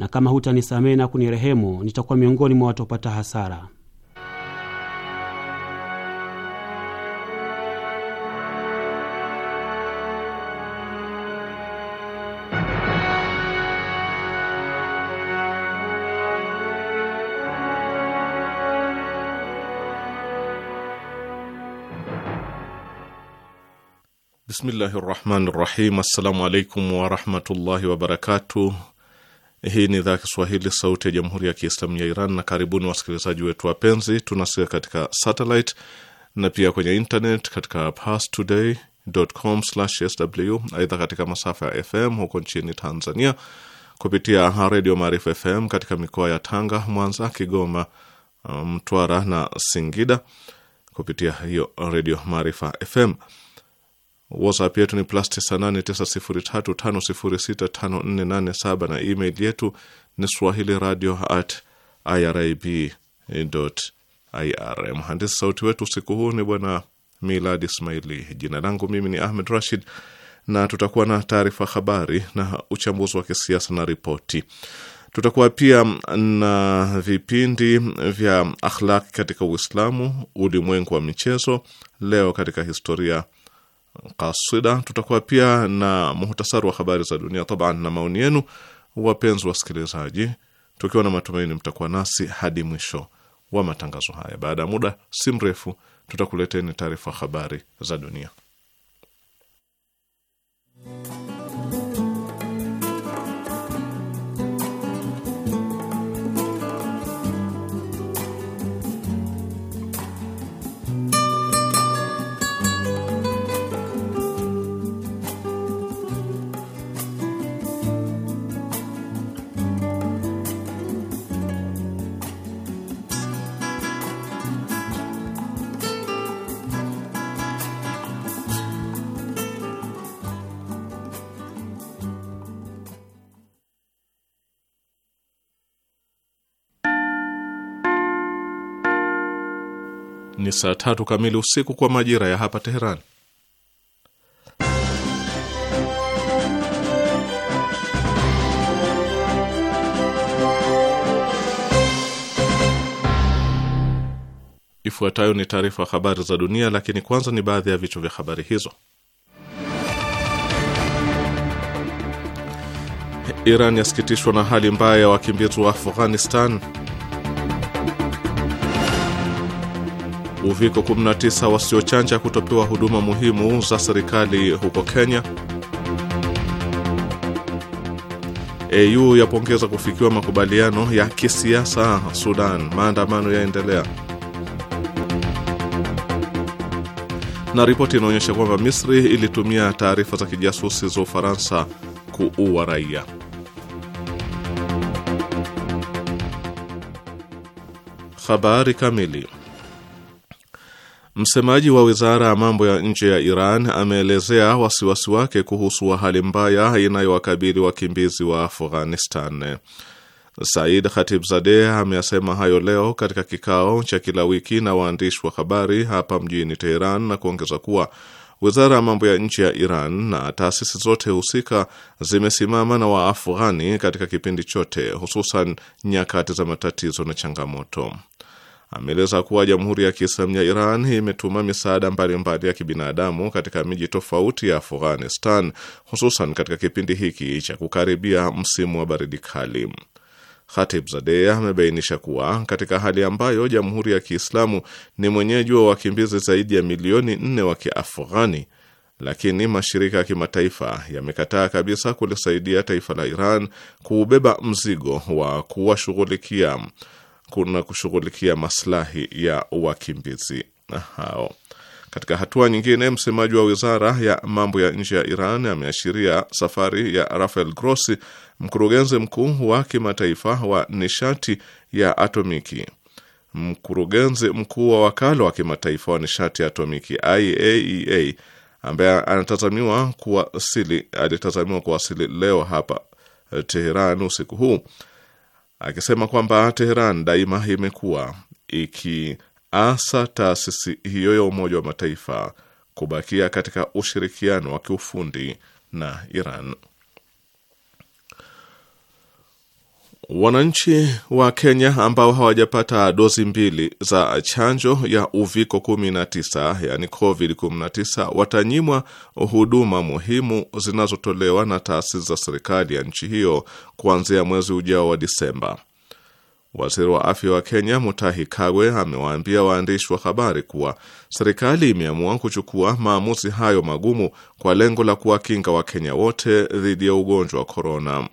na kama hutanisamehe na kunirehemu nitakuwa miongoni mwa watu wapata hasara. Bismillahi rahmani rahim. Assalamu alaikum warahmatullahi wabarakatuh. Hii ni idhaa ya Kiswahili, sauti ya jamhuri ya kiislamu ya Iran, na karibuni wasikilizaji wetu wapenzi. Tunasikia katika satellite na pia kwenye internet katika pastodaycom sw Aidha, katika masafa ya FM huko nchini Tanzania kupitia redio Maarifa FM katika mikoa ya Tanga, Mwanza, Kigoma, um, Mtwara na Singida, kupitia hiyo redio Maarifa FM. WhatsApp yetu ni plus 989035065487 na email yetu ni swahili radio at irib ir. Mhandisi sauti wetu usiku huu ni bwana Milad Ismaili. Jina langu mimi ni Ahmed Rashid, na tutakuwa na taarifa habari na uchambuzi wa kisiasa na ripoti. Tutakuwa pia na vipindi vya akhlaki katika Uislamu, ulimwengu wa michezo, leo katika historia kasida. Tutakuwa pia na muhtasari wa habari za dunia taban na maoni yenu, wapenzi wasikilizaji, tukiwa na matumaini mtakuwa nasi hadi mwisho wa matangazo haya. Baada ya muda si mrefu, tutakuleteni taarifa habari za dunia. ni saa tatu kamili usiku kwa majira ya hapa Teheran. Ifuatayo ni taarifa habari za dunia, lakini kwanza ni baadhi ya vichwa vya habari hizo. Iran yasikitishwa na hali mbaya ya wakimbizi wa Afghanistan. Uviko 19 wasiochanja kutopewa huduma muhimu za serikali huko Kenya. AU yapongeza kufikiwa makubaliano ya kisiasa Sudan. Maandamano yaendelea. Na ripoti inaonyesha kwamba Misri ilitumia taarifa za kijasusi za Ufaransa kuua raia. Habari kamili Msemaji wa wizara ya mambo ya nje ya Iran ameelezea wasiwasi wake kuhusu hali mbaya inayowakabili wakimbizi wa Afghanistan. Said Khatibzadeh ameyasema hayo leo katika kikao cha kila wiki na waandishi wa habari hapa mjini Teheran na kuongeza kuwa wizara ya mambo ya nje ya Iran na taasisi zote husika zimesimama na Waafghani katika kipindi chote, hususan nyakati za matatizo na changamoto. Ameeleza kuwa Jamhuri ya Kiislamu ya Iran imetuma misaada mbalimbali ya kibinadamu katika miji tofauti ya Afghanistan, hususan katika kipindi hiki cha kukaribia msimu wa baridi kali. Zadeh amebainisha kuwa katika hali ambayo Jamhuri ya Kiislamu ni mwenyeji wa wakimbizi zaidi ya milioni nne wa Kiafghani, lakini mashirika ya kimataifa yamekataa kabisa kulisaidia taifa la Iran kuubeba mzigo wa kuwashughulikia kuna kushughulikia maslahi ya wakimbizi hao. Katika hatua nyingine, msemaji wa wizara ya mambo ya nje ya Iran ameashiria safari ya Rafael Grossi, mkurugenzi mkuu wa kimataifa wa nishati ya atomiki, mkurugenzi mkuu wa wakala wa kimataifa wa nishati ya atomiki IAEA, e ambaye anatazamiwa kuwasili alitazamiwa kuwasili leo hapa Teheran usiku huu akisema kwamba Teheran daima imekuwa ikiasa taasisi hiyo ya Umoja wa Mataifa kubakia katika ushirikiano wa kiufundi na Iran. Wananchi wa Kenya ambao hawajapata dozi mbili za chanjo ya uviko 19 yani covid 19 watanyimwa huduma muhimu zinazotolewa na taasisi za serikali ya nchi hiyo kuanzia mwezi ujao wa Disemba. Waziri wa afya wa Kenya Mutahi Kagwe amewaambia waandishi wa habari kuwa serikali imeamua kuchukua maamuzi hayo magumu kwa lengo la kuwakinga Wakenya wote dhidi ya ugonjwa wa korona.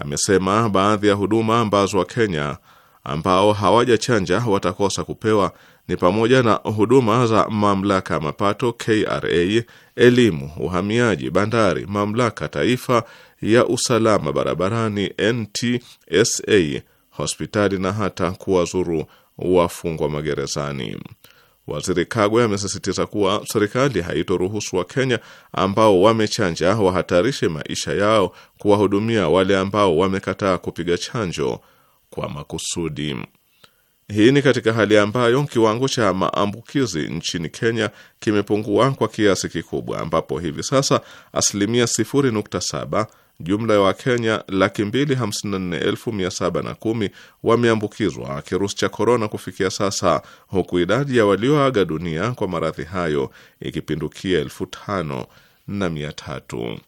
Amesema baadhi ya huduma ambazo Wakenya ambao hawajachanja watakosa kupewa ni pamoja na huduma za mamlaka ya mapato KRA, elimu, uhamiaji, bandari, mamlaka taifa ya usalama barabarani NTSA, hospitali na hata kuwazuru wafungwa magerezani. Waziri Kagwe amesisitiza kuwa serikali haitoruhusu Wakenya ambao wamechanja wahatarishe maisha yao kuwahudumia wale ambao wamekataa kupiga chanjo kwa makusudi. Hii ni katika hali ambayo kiwango cha maambukizi nchini Kenya kimepungua kwa kiasi kikubwa, ambapo hivi sasa asilimia 0.7 jumla ya Wakenya laki mbili hamsini na nne elfu mia saba na kumi wameambukizwa kirusi cha korona kufikia sasa, huku idadi ya walioaga dunia kwa maradhi hayo ikipindukia elfu tano na mia tatu.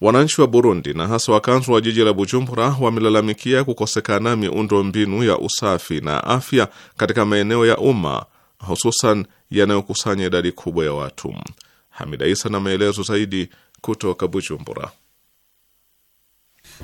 Wananchi wa Burundi na hasa wakazi wa jiji la Bujumbura wamelalamikia kukosekana miundo mbinu ya usafi na afya katika maeneo ya umma hususan yanayokusanya idadi kubwa ya watu. Hamida Isa na maelezo zaidi kutoka Bujumbura.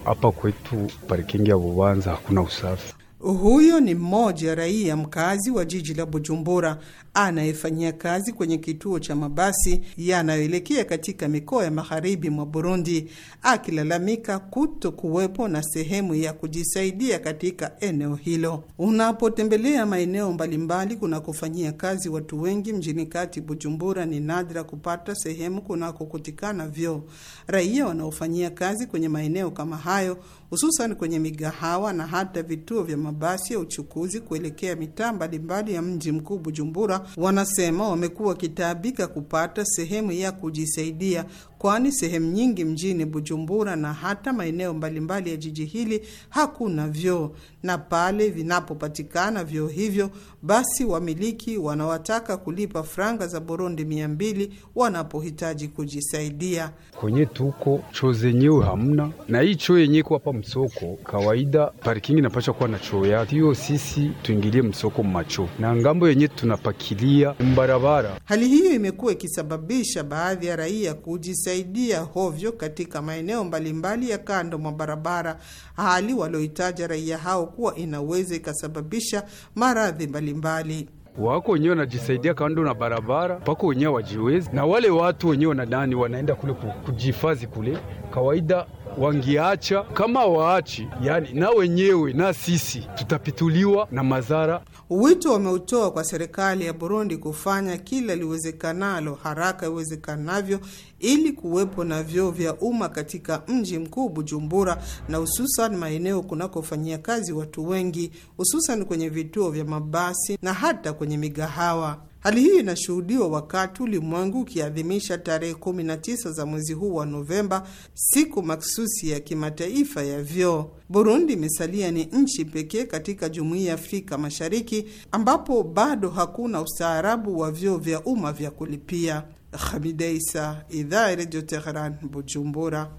Hapa kwetu parkingi ya Bubanza hakuna usafi. Huyo ni mmoja raia mkazi wa jiji la Bujumbura anayefanyia kazi kwenye kituo cha mabasi yanayoelekea katika mikoa ya magharibi mwa Burundi, akilalamika kuto kuwepo na sehemu ya kujisaidia katika eneo hilo. Unapotembelea maeneo mbalimbali kunakofanyia kazi watu wengi mjini kati Bujumbura, ni nadra kupata sehemu kunakokutikana vyoo. Raia wanaofanyia kazi kwenye maeneo kama hayo hususan kwenye migahawa na hata vituo vya mabasi ya uchukuzi kuelekea mitaa mbalimbali ya mji mkuu Bujumbura wanasema wamekuwa wakitaabika kupata sehemu ya kujisaidia kwani sehemu nyingi mjini Bujumbura na hata maeneo mbalimbali ya jiji hili hakuna vyoo, na pale vinapopatikana vyoo hivyo, basi wamiliki wanawataka kulipa franga za Burundi mia mbili wanapohitaji kujisaidia. Kwenye tuko choo zenyewe hamna, na hii choo yenye kwa hapa msoko kawaida, parkingi inapasha kuwa na choo yake, hiyo sisi tuingilie msoko mmacho na ngambo yenye tunapakilia mbarabara. Hali hiyo imekuwa ikisababisha baadhi ya raia kuji kujisaidia hovyo katika maeneo mbalimbali ya kando mwa barabara, hali walioitaja raia hao kuwa inaweza ikasababisha maradhi mbalimbali wako wenyewe wanajisaidia kando na barabara mpaka wenyewe wajiwezi, na wale watu wenyewe wanadani wanaenda kule kujihifadhi kule, kawaida wangiacha. Kama waachi, yani na wenyewe na sisi tutapituliwa na madhara. Wito wameutoa kwa serikali ya Burundi kufanya kila liwezekanalo haraka iwezekanavyo ili kuwepo na vyoo vya umma katika mji mkuu Bujumbura na hususan maeneo kunakofanyia kazi watu wengi, hususan kwenye vituo vya mabasi na hata kwenye migahawa. Hali hii inashuhudiwa wakati ulimwengu ukiadhimisha tarehe 19 za mwezi huu wa Novemba, siku maksusi ya kimataifa ya vyoo. Burundi imesalia ni nchi pekee katika jumuiya ya Afrika Mashariki ambapo bado hakuna ustaarabu wa vyoo vya umma vya kulipia. Hamida Isa, idhaa ya Redio Teheran, Bujumbura.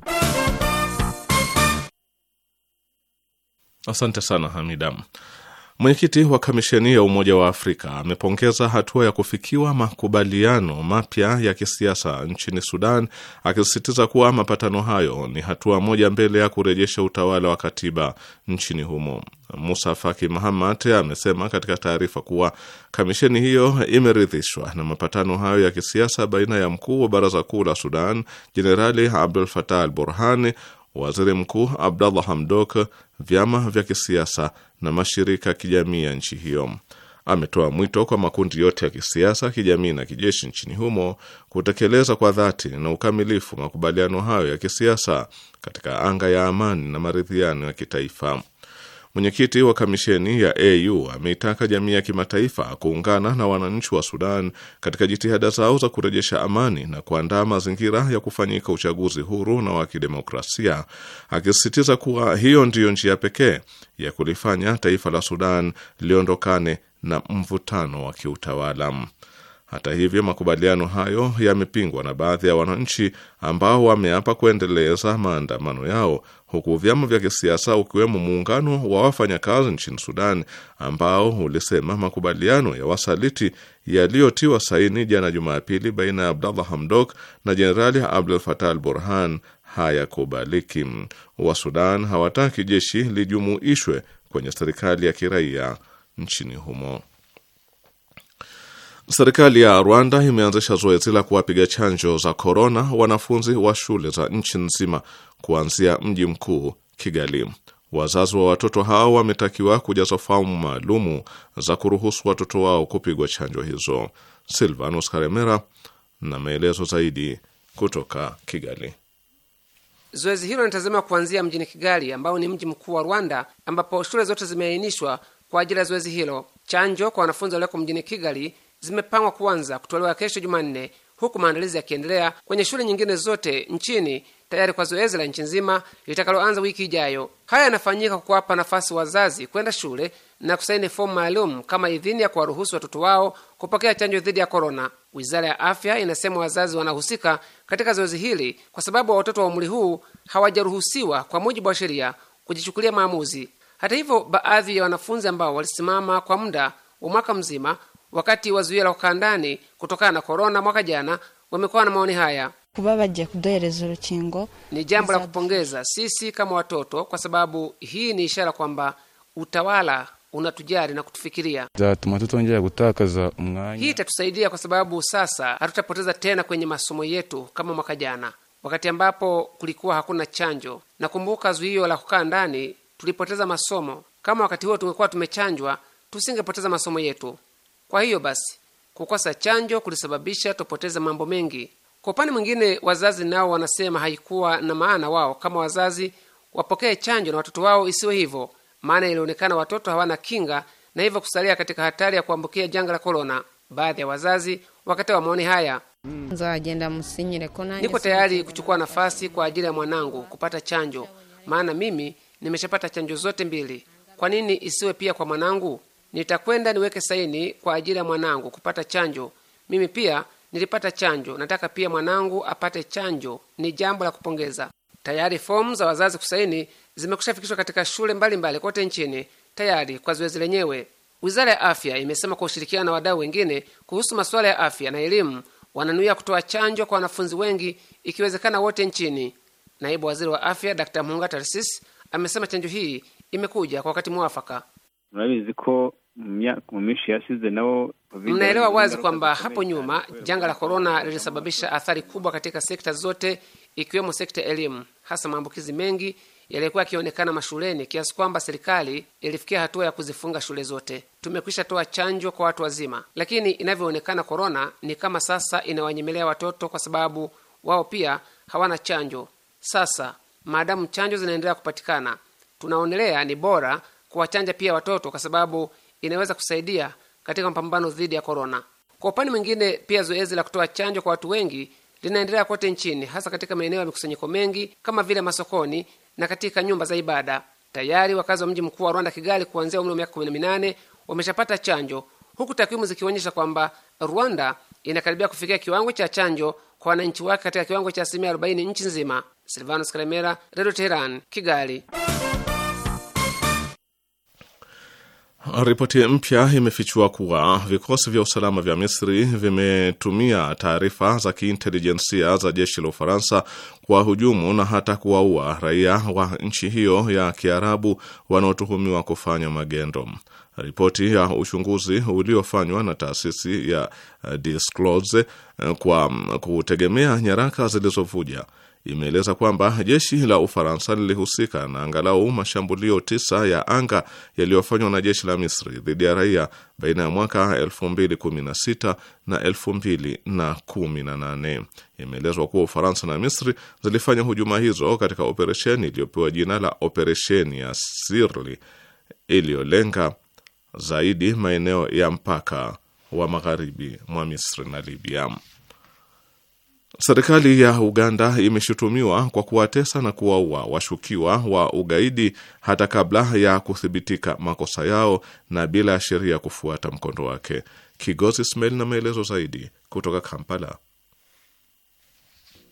Asante sana Hamida. Mwenyekiti wa kamisheni ya Umoja wa Afrika amepongeza hatua ya kufikiwa makubaliano mapya ya kisiasa nchini Sudan, akisisitiza kuwa mapatano hayo ni hatua moja mbele ya kurejesha utawala wa katiba nchini humo. Musa Faki Mahamat amesema katika taarifa kuwa kamisheni hiyo imeridhishwa na mapatano hayo ya kisiasa baina ya mkuu wa baraza kuu la Sudan Jenerali Abdul Fatah al Burhani waziri mkuu Abdallah Hamdok, vyama vya kisiasa na mashirika ya kijamii ya nchi hiyo. Ametoa mwito kwa makundi yote ya kisiasa, kijamii na kijeshi nchini humo kutekeleza kwa dhati na ukamilifu makubaliano hayo ya kisiasa katika anga ya amani na maridhiano ya kitaifa. Mwenyekiti wa kamisheni ya AU ameitaka jamii ya kimataifa kuungana na wananchi wa Sudan katika jitihada zao za kurejesha amani na kuandaa mazingira ya kufanyika uchaguzi huru na wa kidemokrasia, akisisitiza kuwa hiyo ndiyo njia pekee ya kulifanya taifa la Sudan liondokane na mvutano wa kiutawala. Hata hivyo, makubaliano hayo yamepingwa na baadhi ya wananchi ambao wameapa kuendeleza maandamano yao, huku vyama vya kisiasa ukiwemo muungano wa wafanyakazi nchini Sudan ambao ulisema makubaliano ya wasaliti yaliyotiwa saini jana Jumapili baina ya Abdallah Hamdok na Jenerali abdul fatah al-Burhan hayakubaliki. Wa Sudan hawataki jeshi lijumuishwe kwenye serikali ya kiraia nchini humo. Serikali ya Rwanda imeanzisha zoezi la kuwapiga chanjo za korona wanafunzi wa shule za nchi nzima kuanzia mji mkuu Kigali. Wazazi wa watoto hao wametakiwa kujaza fomu maalumu za kuruhusu watoto wao kupigwa chanjo hizo. Silvanus Karemera na maelezo zaidi kutoka Kigali. Zoezi hilo linatazama kuanzia mjini Kigali, ambao ni mji mkuu wa Rwanda, ambapo shule zote zimeainishwa kwa ajili ya zoezi hilo. Chanjo kwa wanafunzi walioko mjini Kigali zimepangwa kuanza kutolewa kesho Jumanne, huku maandalizi yakiendelea kwenye shule nyingine zote nchini tayari kwa zoezi la nchi nzima litakaloanza wiki ijayo. Haya yanafanyika kwa kuwapa nafasi wazazi kwenda shule na kusaini fomu maalum kama idhini ya kuwaruhusu watoto wao kupokea chanjo dhidi ya korona. Wizara ya Afya inasema wazazi wanahusika katika zoezi hili kwa sababu watoto wa umri huu hawajaruhusiwa kwa mujibu wa sheria kujichukulia maamuzi. Hata hivyo, baadhi ya wanafunzi ambao walisimama kwa muda wa mwaka mzima wakati wa zuio la kukaa ndani kutokana na korona mwaka jana wamekuwa na maoni haya. Ni jambo la kupongeza sisi kama watoto, kwa sababu hii ni ishara kwamba utawala unatujali na kutufikiria. Hii itatusaidia kwa sababu sasa hatutapoteza tena kwenye masomo yetu kama mwaka jana, wakati ambapo kulikuwa hakuna chanjo. Nakumbuka zuio la kukaa ndani tulipoteza masomo. Kama wakati huo tungekuwa tumechanjwa, tusingepoteza masomo yetu. Kwa hiyo basi, kukosa chanjo kulisababisha tupoteze mambo mengi. Kwa upande mwingine, wazazi nao wanasema haikuwa na maana wao kama wazazi wapokee chanjo na watoto wao isiwe hivyo, maana ilionekana watoto hawana kinga na hivyo kusalia katika hatari ya kuambukia janga la korona. Baadhi ya wazazi wakatoa maoni haya: niko tayari kuchukua nafasi kwa ajili ya mwanangu kupata chanjo, maana mimi nimeshapata chanjo zote mbili. Kwa nini isiwe pia kwa mwanangu? nitakwenda niweke saini kwa ajili ya mwanangu kupata chanjo. Mimi pia nilipata chanjo, nataka pia mwanangu apate chanjo. Ni jambo la kupongeza. Tayari fomu za wazazi kusaini zimekushafikishwa katika shule mbalimbali mbali kote nchini tayari kwa zoezi lenyewe. Wizara ya Afya imesema kwa ushirikiano na wadau wengine kuhusu masuala ya afya na elimu wananuia kutoa chanjo kwa wanafunzi wengi, ikiwezekana wote nchini. Naibu waziri wa afya Dr. Mhunga Tarcis amesema chanjo hii imekuja kwa wakati mwafaka murabizi ko mu mishi yasize nao mnaelewa wazi kwamba hapo nyuma janga la korona lilisababisha athari kubwa katika sekta zote ikiwemo sekta ya elimu, hasa maambukizi mengi yaliyokuwa yakionekana mashuleni kiasi kwamba serikali ilifikia hatua ya kuzifunga shule zote. Tumekwisha toa chanjo kwa watu wazima, lakini inavyoonekana korona ni kama sasa inawanyemelea watoto, kwa sababu wao pia hawana chanjo. Sasa maadamu chanjo zinaendelea kupatikana, tunaonelea ni bora kuwachanja pia watoto, kwa sababu inaweza kusaidia katika mapambano dhidi ya korona. Kwa upande mwingine, pia zoezi la kutoa chanjo kwa watu wengi linaendelea kote nchini, hasa katika maeneo ya mikusanyiko mengi kama vile masokoni na katika nyumba za ibada. Tayari wakazi wa mji mkuu wa Rwanda, Kigali, kuanzia umri wa miaka 18 wameshapata chanjo, huku takwimu zikionyesha kwamba Rwanda inakaribia kufikia kiwango cha chanjo kwa wananchi wake katika kiwango cha asilimia 40 nchi nzima. Silvanus Karemera, Redio Teheran, Kigali. Ripoti mpya imefichua kuwa vikosi vya usalama vya Misri vimetumia taarifa za kiintelijensia za jeshi la Ufaransa kuwahujumu na hata kuwaua raia wa nchi hiyo ya Kiarabu wanaotuhumiwa kufanya magendo. Ripoti ya uchunguzi uliofanywa na taasisi ya Disclose kwa kutegemea nyaraka zilizovuja imeeleza kwamba jeshi la Ufaransa lilihusika na angalau mashambulio tisa ya anga yaliyofanywa na jeshi la Misri dhidi ya raia baina ya mwaka 2016 na 2018. Imeelezwa kuwa Ufaransa na Misri zilifanya hujuma hizo katika operesheni iliyopewa jina la operesheni ya Sirli iliyolenga zaidi maeneo ya mpaka wa magharibi mwa Misri na Libya. Serikali ya Uganda imeshutumiwa kwa kuwatesa na kuwaua washukiwa wa ugaidi hata kabla ya kuthibitika makosa yao na bila ya sheria kufuata mkondo wake. Kigozi Ismail na maelezo zaidi kutoka Kampala.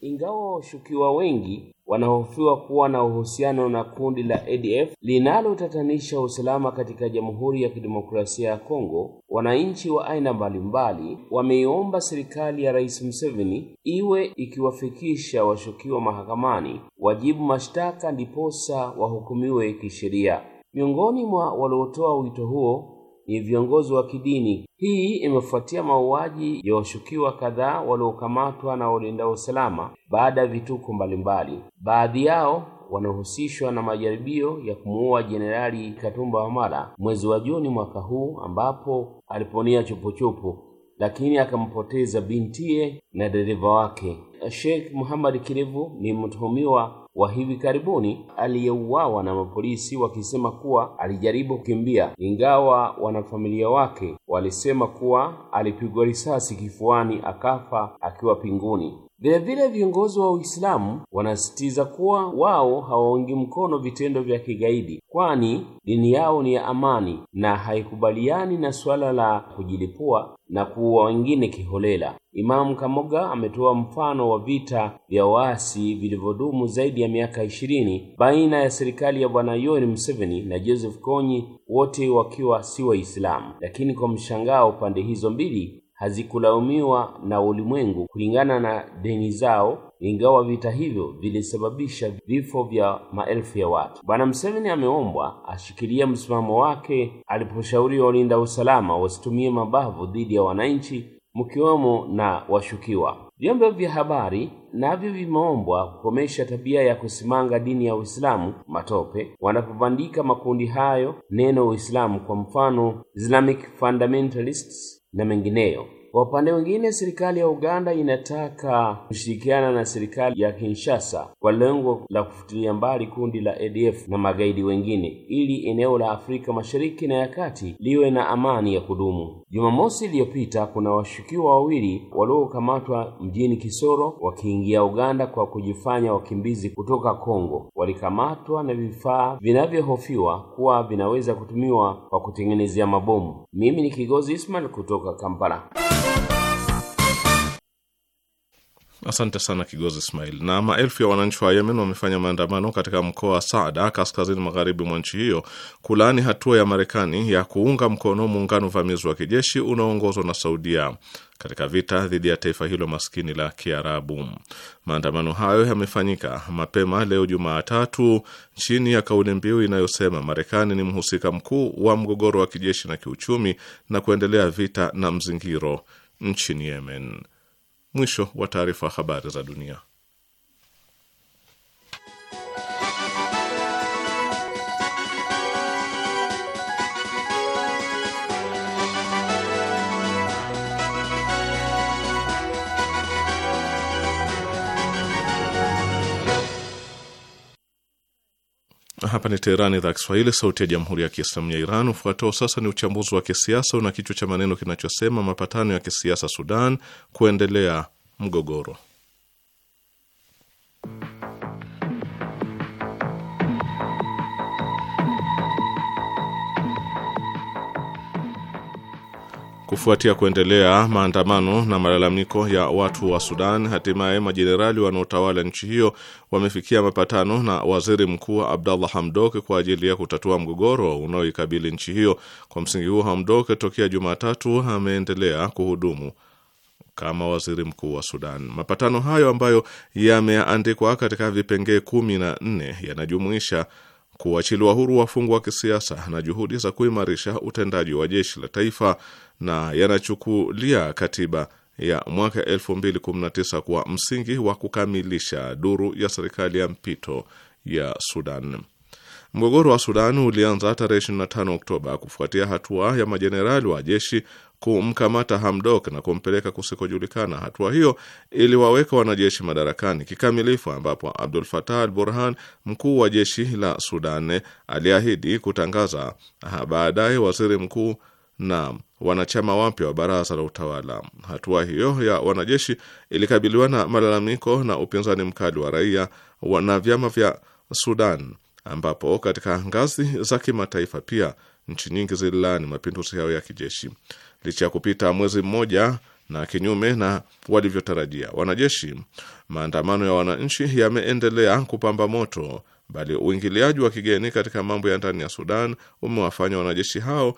Ingawa washukiwa wengi wanahofiwa kuwa na uhusiano na kundi la ADF linalotatanisha usalama katika Jamhuri ya Kidemokrasia ya Kongo. Wananchi wa aina mbalimbali wameiomba serikali ya Rais Museveni iwe ikiwafikisha washukiwa mahakamani, wajibu mashtaka ndiposa wahukumiwe kisheria. Miongoni mwa waliotoa wito huo ni viongozi wa kidini. Hii imefuatia mauaji ya washukiwa kadhaa waliokamatwa na walinda usalama baada ya vituko mbalimbali. Baadhi yao wanahusishwa na majaribio ya kumuua Jenerali Katumba Wamala mwezi wa Juni mwaka huu, ambapo aliponia chupuchupu, lakini akampoteza bintiye na dereva wake. Sheikh Muhammad Kirevu ni mtuhumiwa wa hivi karibuni aliyeuawa na mapolisi wakisema kuwa alijaribu kukimbia, ingawa wanafamilia wake walisema kuwa alipigwa risasi kifuani akafa akiwa pinguni. Vilevile viongozi wa Uislamu wanasisitiza kuwa wao hawaungi mkono vitendo vya kigaidi, kwani dini yao ni ya amani na haikubaliani na suala la kujilipua na kuua wengine kiholela. Imamu Kamoga ametoa mfano wa vita vya waasi vilivyodumu zaidi ya miaka ishirini baina ya serikali ya Bwana Yoweri Museveni na Joseph Kony, wote wakiwa si Waislamu, lakini kwa mshangao pande hizo mbili hazikulaumiwa na ulimwengu kulingana na dini zao, ingawa vita hivyo vilisababisha vifo vya maelfu ya watu. Bwana Museveni ameombwa ashikilie msimamo wake aliposhauri walinda usalama wasitumie mabavu dhidi ya wananchi mkiwemo na washukiwa. Vyombo vya habari navyo vimeombwa kukomesha tabia ya kusimanga dini ya Uislamu matope wanapobandika makundi hayo neno Uislamu, kwa mfano Islamic fundamentalists na mengineyo. Kwa upande mwingine, serikali ya Uganda inataka kushirikiana na serikali ya Kinshasa kwa lengo la kufutilia mbali kundi la ADF na magaidi wengine ili eneo la Afrika Mashariki na ya Kati liwe na amani ya kudumu. Jumamosi iliyopita, kuna washukiwa wawili waliokamatwa mjini Kisoro wakiingia Uganda kwa kujifanya wakimbizi kutoka Kongo. Walikamatwa na vifaa vinavyohofiwa kuwa vinaweza kutumiwa kwa kutengenezea mabomu. Mimi ni Kigozi Ismail kutoka Kampala. thank you Asante sana Kigozi Ismail. Na maelfu ya wananchi wa Yemen wamefanya maandamano katika mkoa wa Saada, kaskazini magharibi mwa nchi hiyo, kulaani hatua ya Marekani ya kuunga mkono muungano uvamizi wa kijeshi unaoongozwa na Saudia katika vita dhidi ya taifa hilo maskini la Kiarabu. Maandamano hayo yamefanyika mapema leo Jumatatu chini ya kauli mbiu inayosema Marekani ni mhusika mkuu wa mgogoro wa kijeshi na kiuchumi na kuendelea vita na mzingiro nchini Yemen. Mwisho wa taarifa. Habari za dunia. hapa ni Teherani, idhaa Kiswahili, sauti ya jamhuri ya kiislamu ya Iran. Ufuatao sasa ni uchambuzi wa kisiasa una kichwa cha maneno kinachosema mapatano ya kisiasa Sudan kuendelea mgogoro Kufuatia kuendelea maandamano na malalamiko ya watu wa Sudan, hatimaye majenerali wanaotawala nchi hiyo wamefikia mapatano na waziri mkuu Abdallah Hamdok kwa ajili ya kutatua mgogoro unaoikabili nchi hiyo. Kwa msingi huo, Hamdok tokea Jumatatu ameendelea kuhudumu kama waziri mkuu wa Sudan. Mapatano hayo ambayo yameandikwa katika vipengee kumi na nne yanajumuisha kuachiliwa huru wafungwa wa kisiasa na juhudi za kuimarisha utendaji wa jeshi la taifa na yanachukulia katiba ya mwaka 2019 kuwa msingi wa kukamilisha duru ya serikali ya mpito ya Sudan. Mgogoro wa Sudan ulianza tarehe 25 Oktoba kufuatia hatua ya majenerali wa jeshi kumkamata Hamdok na kumpeleka kusikojulikana. Hatua hiyo iliwaweka wanajeshi madarakani kikamilifu, ambapo Abdul Fatah al Burhan, mkuu wa jeshi la Sudan, aliahidi kutangaza baadaye waziri mkuu na wanachama wapya wa baraza la utawala. Hatua hiyo ya wanajeshi ilikabiliwa na malalamiko na upinzani mkali wa raia na vyama vya Sudan, ambapo katika ngazi za kimataifa pia nchi nyingi zililaani mapinduzi yao ya kijeshi. Licha ya kupita mwezi mmoja na kinyume na walivyotarajia wanajeshi, maandamano ya wananchi yameendelea kupamba moto, bali uingiliaji wa kigeni katika mambo ya ndani ya Sudan umewafanya wanajeshi hao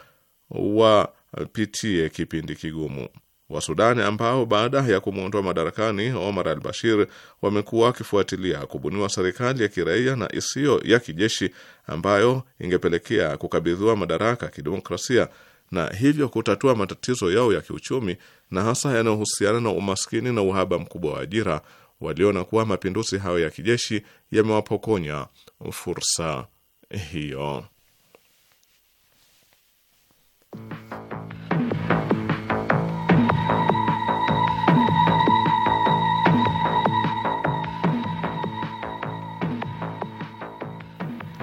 wa pitie kipindi kigumu. Wasudani ambao baada ya kumwondoa madarakani Omar al Bashir wamekuwa wakifuatilia kubuniwa serikali ya kiraia na isiyo ya kijeshi ambayo ingepelekea kukabidhiwa madaraka kidemokrasia na hivyo kutatua matatizo yao ya kiuchumi na hasa yanayohusiana na umaskini na uhaba mkubwa wa ajira. Waliona kuwa mapinduzi hayo ya kijeshi yamewapokonya fursa hiyo.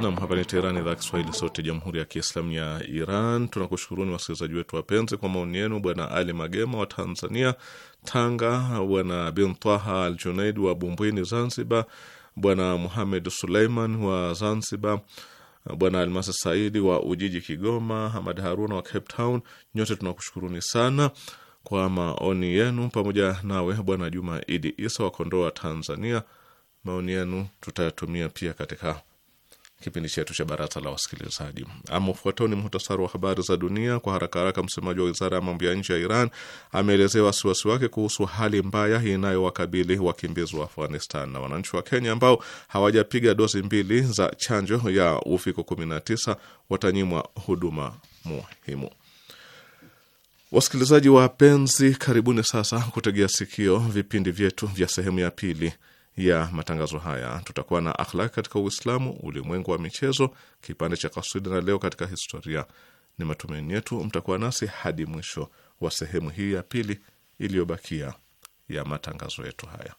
Nam, hapa ni Teherani, idhaa Kiswahili, sauti ya jamhuri ya kiislamu ya Iran. Tunakushukuruni wasikilizaji wetu wapenzi kwa maoni yenu, bwana Ali Magema wa Tanzania, Tanga, bwana bin Taha al Junaid wa Bumbwini, Zanzibar, bwana Muhamed Suleiman wa Zanzibar, bwana Almasi Saidi wa Ujiji, Kigoma, Hamad Haruna wa Cape Town. Nyote tunakushukuruni sana kwa maoni yenu, pamoja nawe bwana Juma Idi Isa wa Kondoa, Tanzania. Maoni yenu tutayatumia pia katika kipindi chetu cha baraza la wasikilizaji. Ama ufuatao ni muhtasari wa habari za dunia kwa haraka haraka. Msemaji wa wizara ya mambo ya nje ya Iran ameelezea wasiwasi wake kuhusu hali mbaya inayowakabili wakimbizi wa Afghanistan na wananchi wa Kenya ambao hawajapiga dozi mbili za chanjo ya uviko 19 watanyimwa huduma muhimu. Wasikilizaji wapenzi, karibuni sasa kutegea sikio vipindi vyetu vya sehemu ya pili ya matangazo haya tutakuwa na akhlaki katika Uislamu, ulimwengu wa michezo, kipande cha kaswida na leo katika historia. Ni matumaini yetu mtakuwa nasi hadi mwisho wa sehemu hii ya pili iliyobakia ya matangazo yetu haya.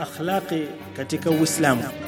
Akhlaqi katika Uislamu.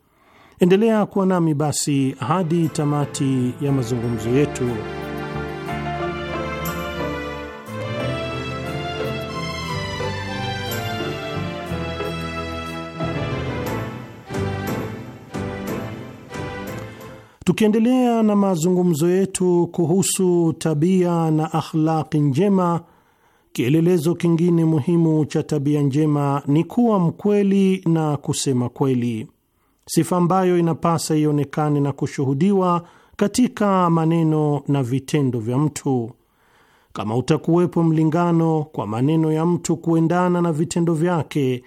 Endelea kuwa nami basi hadi tamati ya mazungumzo yetu. Tukiendelea na mazungumzo yetu kuhusu tabia na akhlaki njema, kielelezo kingine muhimu cha tabia njema ni kuwa mkweli na kusema kweli sifa ambayo inapasa ionekane na kushuhudiwa katika maneno na vitendo vya mtu. Kama utakuwepo mlingano kwa maneno ya mtu kuendana na vitendo vyake,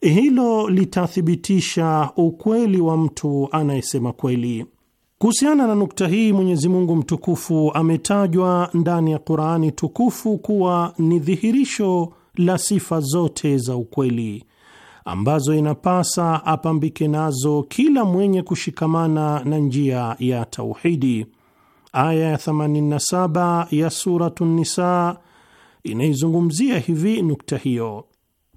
hilo litathibitisha ukweli wa mtu anayesema kweli. Kuhusiana na nukta hii, Mwenyezi Mungu mtukufu ametajwa ndani ya Qur'ani tukufu kuwa ni dhihirisho la sifa zote za ukweli ambazo inapasa apambike nazo kila mwenye kushikamana na njia ya tauhidi. Aya ya 87 ya Suratu Nisa inaizungumzia hivi nukta hiyo: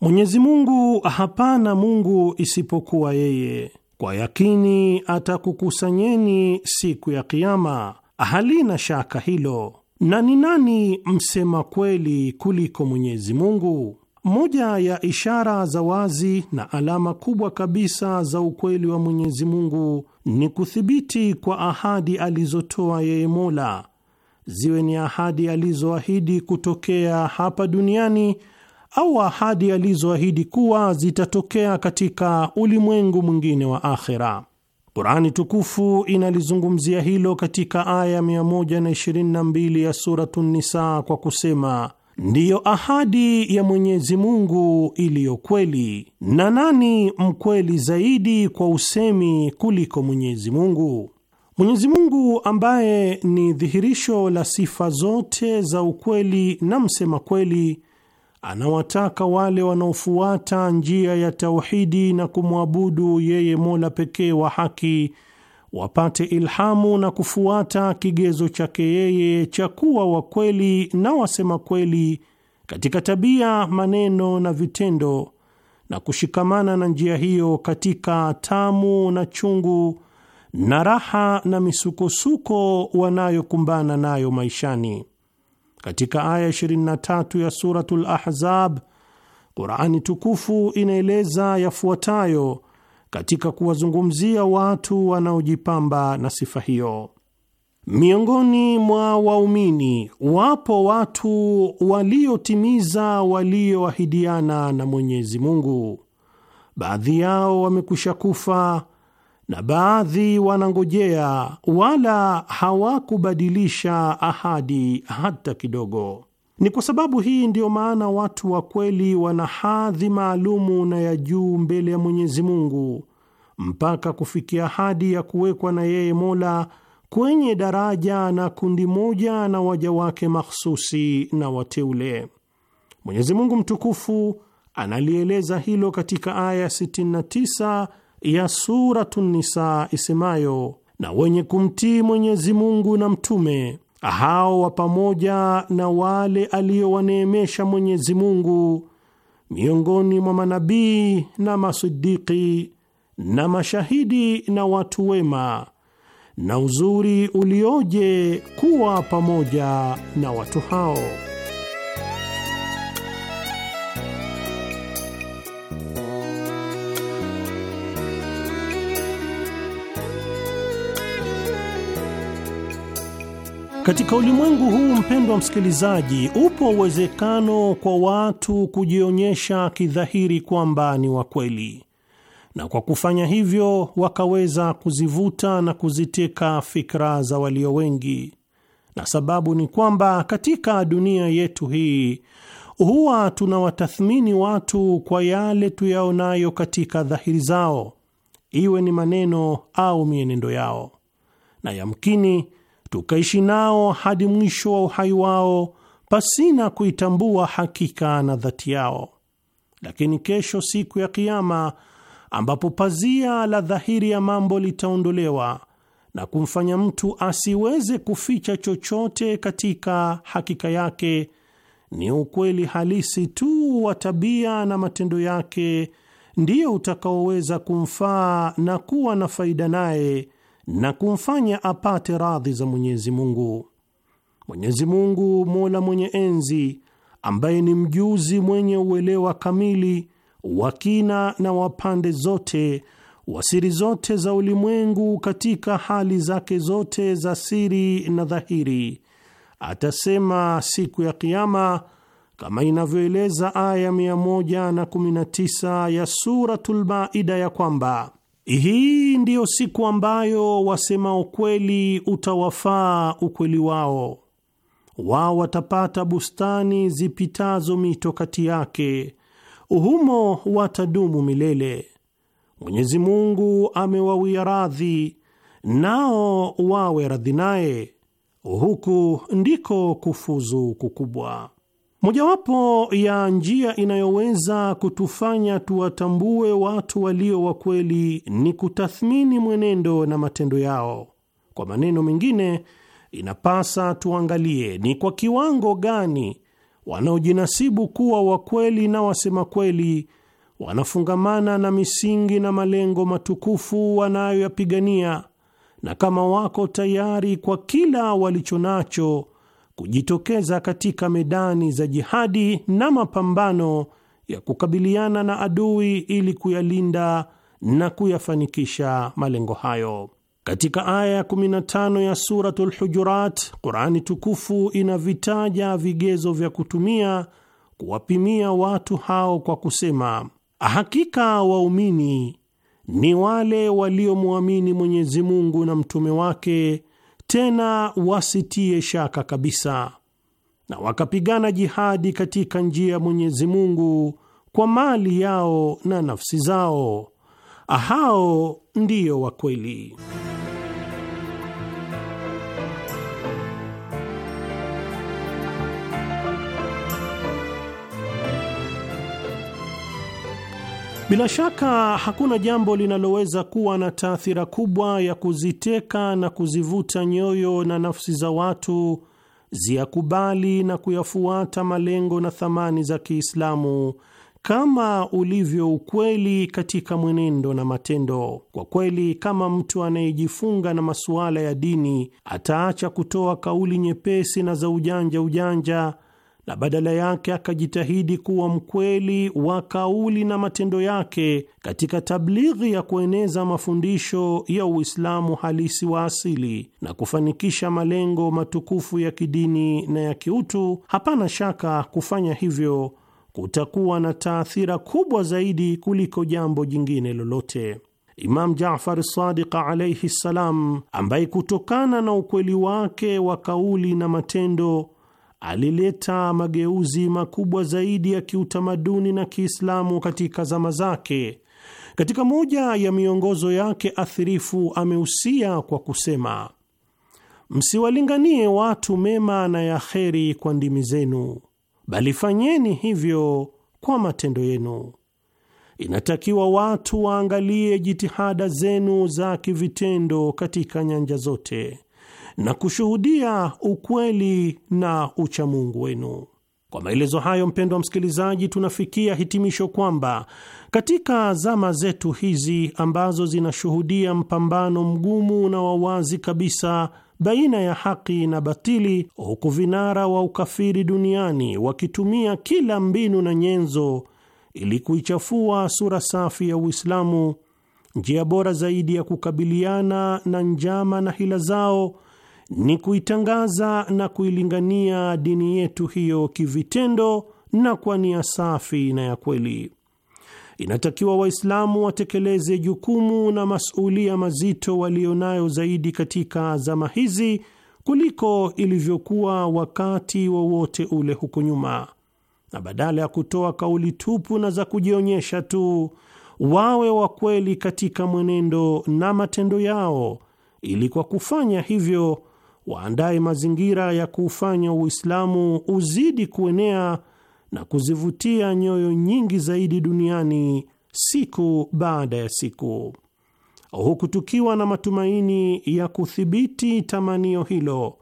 Mwenyezi Mungu, hapana Mungu isipokuwa yeye, kwa yakini atakukusanyeni siku ya Kiama, halina shaka hilo. Na ni nani msema kweli kuliko Mwenyezi Mungu? Moja ya ishara za wazi na alama kubwa kabisa za ukweli wa Mwenyezi Mungu ni kuthibiti kwa ahadi alizotoa yeye Mola, ziwe ni ahadi alizoahidi kutokea hapa duniani au ahadi alizoahidi kuwa zitatokea katika ulimwengu mwingine wa akhera. Qurani tukufu inalizungumzia hilo katika aya 122 ya Suratu Nisa kwa kusema ndiyo ahadi ya Mwenyezi Mungu iliyo kweli, na nani mkweli zaidi kwa usemi kuliko Mwenyezi Mungu? Mwenyezi Mungu ambaye ni dhihirisho la sifa zote za ukweli na msema kweli, anawataka wale wanaofuata njia ya tauhidi na kumwabudu yeye Mola pekee wa haki wapate ilhamu na kufuata kigezo chake yeye cha kuwa wakweli na wasema kweli katika tabia, maneno na vitendo, na kushikamana na njia hiyo katika tamu na chungu na raha na misukosuko wanayokumbana nayo maishani. Katika aya 23 ya Suratul Ahzab, Qurani tukufu inaeleza yafuatayo katika kuwazungumzia watu wanaojipamba na sifa hiyo. Miongoni mwa waumini wapo watu waliotimiza walioahidiana na Mwenyezi Mungu. Baadhi yao wamekwisha kufa na baadhi wanangojea, wala hawakubadilisha ahadi hata kidogo. Ni kwa sababu hii ndiyo maana watu wa kweli wana hadhi maalumu na ya juu mbele ya Mwenyezi Mungu mpaka kufikia hadi ya kuwekwa na yeye Mola kwenye daraja na kundi moja na waja wake makhususi na wateule. Mwenyezi Mungu mtukufu analieleza hilo katika aya 69 ya Suratun Nisa isemayo, na wenye kumtii Mwenyezi Mungu na mtume hao wa pamoja na wale aliowaneemesha Mwenyezi Mungu miongoni mwa manabii na masidiki na mashahidi na watu wema, na uzuri ulioje kuwa pamoja na watu hao. Katika ulimwengu huu, mpendwa msikilizaji, upo uwezekano kwa watu kujionyesha kidhahiri kwamba ni wa kweli, na kwa kufanya hivyo wakaweza kuzivuta na kuziteka fikra za walio wengi, na sababu ni kwamba katika dunia yetu hii huwa tunawatathmini watu kwa yale tuyaonayo katika dhahiri zao, iwe ni maneno au mienendo yao, na yamkini tukaishi nao hadi mwisho wa uhai wao pasina kuitambua hakika na dhati yao. Lakini kesho, siku ya Kiama, ambapo pazia la dhahiri ya mambo litaondolewa na kumfanya mtu asiweze kuficha chochote katika hakika yake, ni ukweli halisi tu wa tabia na matendo yake ndiyo utakaoweza kumfaa na kuwa na faida naye na kumfanya apate radhi za Mwenyezi Mungu. Mwenyezi Mungu Mola mwenye enzi, ambaye ni mjuzi mwenye uelewa kamili wa kina na wa pande zote wa siri zote za ulimwengu katika hali zake zote za siri na dhahiri, atasema siku ya Kiama kama inavyoeleza aya 119 ya Suratul Maida ya kwamba hii ndiyo siku ambayo wasema ukweli utawafaa ukweli wao. Wao watapata bustani zipitazo mito kati yake, humo watadumu milele. Mwenyezi Mungu amewawia radhi, nao wawe radhi naye. Huku ndiko kufuzu kukubwa. Mojawapo ya njia inayoweza kutufanya tuwatambue watu walio wa kweli ni kutathmini mwenendo na matendo yao. Kwa maneno mengine, inapasa tuangalie ni kwa kiwango gani wanaojinasibu kuwa wa kweli na wasema kweli wanafungamana na misingi na malengo matukufu wanayoyapigania, na kama wako tayari kwa kila walicho nacho kujitokeza katika medani za jihadi na mapambano ya kukabiliana na adui ili kuyalinda na kuyafanikisha malengo hayo. Katika aya ya 15 ya Suratul Hujurat, Qurani tukufu inavitaja vigezo vya kutumia kuwapimia watu hao kwa kusema, hakika waumini ni wale waliomwamini Mwenyezi Mungu na mtume wake tena wasitie shaka kabisa, na wakapigana jihadi katika njia ya Mwenyezi Mungu kwa mali yao na nafsi zao. Hao ndiyo wa kweli. Bila shaka hakuna jambo linaloweza kuwa na taathira kubwa ya kuziteka na kuzivuta nyoyo na nafsi za watu ziyakubali na kuyafuata malengo na thamani za Kiislamu kama ulivyo ukweli katika mwenendo na matendo. Kwa kweli, kama mtu anayejifunga na masuala ya dini ataacha kutoa kauli nyepesi na za ujanja ujanja na badala yake akajitahidi kuwa mkweli wa kauli na matendo yake katika tablighi ya kueneza mafundisho ya Uislamu halisi wa asili na kufanikisha malengo matukufu ya kidini na ya kiutu, hapana shaka kufanya hivyo kutakuwa na taathira kubwa zaidi kuliko jambo jingine lolote. Imam Jafar Sadiq alaihi ssalam, ambaye kutokana na ukweli wake wa kauli na matendo alileta mageuzi makubwa zaidi ya kiutamaduni na Kiislamu katika zama zake. Katika moja ya miongozo yake athirifu amehusia kwa kusema, msiwalinganie watu mema na ya kheri kwa ndimi zenu, bali fanyeni hivyo kwa matendo yenu. Inatakiwa watu waangalie jitihada zenu za kivitendo katika nyanja zote na kushuhudia ukweli na uchamungu wenu. Kwa maelezo hayo, mpendo wa msikilizaji, tunafikia hitimisho kwamba katika zama zetu hizi ambazo zinashuhudia mpambano mgumu na wawazi kabisa baina ya haki na batili, huku vinara wa ukafiri duniani wakitumia kila mbinu na nyenzo ili kuichafua sura safi ya Uislamu, njia bora zaidi ya kukabiliana na njama na hila zao ni kuitangaza na kuilingania dini yetu hiyo kivitendo na kwa nia safi na ya kweli. Inatakiwa Waislamu watekeleze jukumu na masulia mazito walio nayo zaidi katika zama hizi kuliko ilivyokuwa wakati wowote wa ule huko nyuma, na badala ya kutoa kauli tupu na za kujionyesha tu, wawe wa kweli katika mwenendo na matendo yao, ili kwa kufanya hivyo waandaye mazingira ya kuufanya Uislamu uzidi kuenea na kuzivutia nyoyo nyingi zaidi duniani siku baada ya siku, huku tukiwa na matumaini ya kuthibiti tamanio hilo.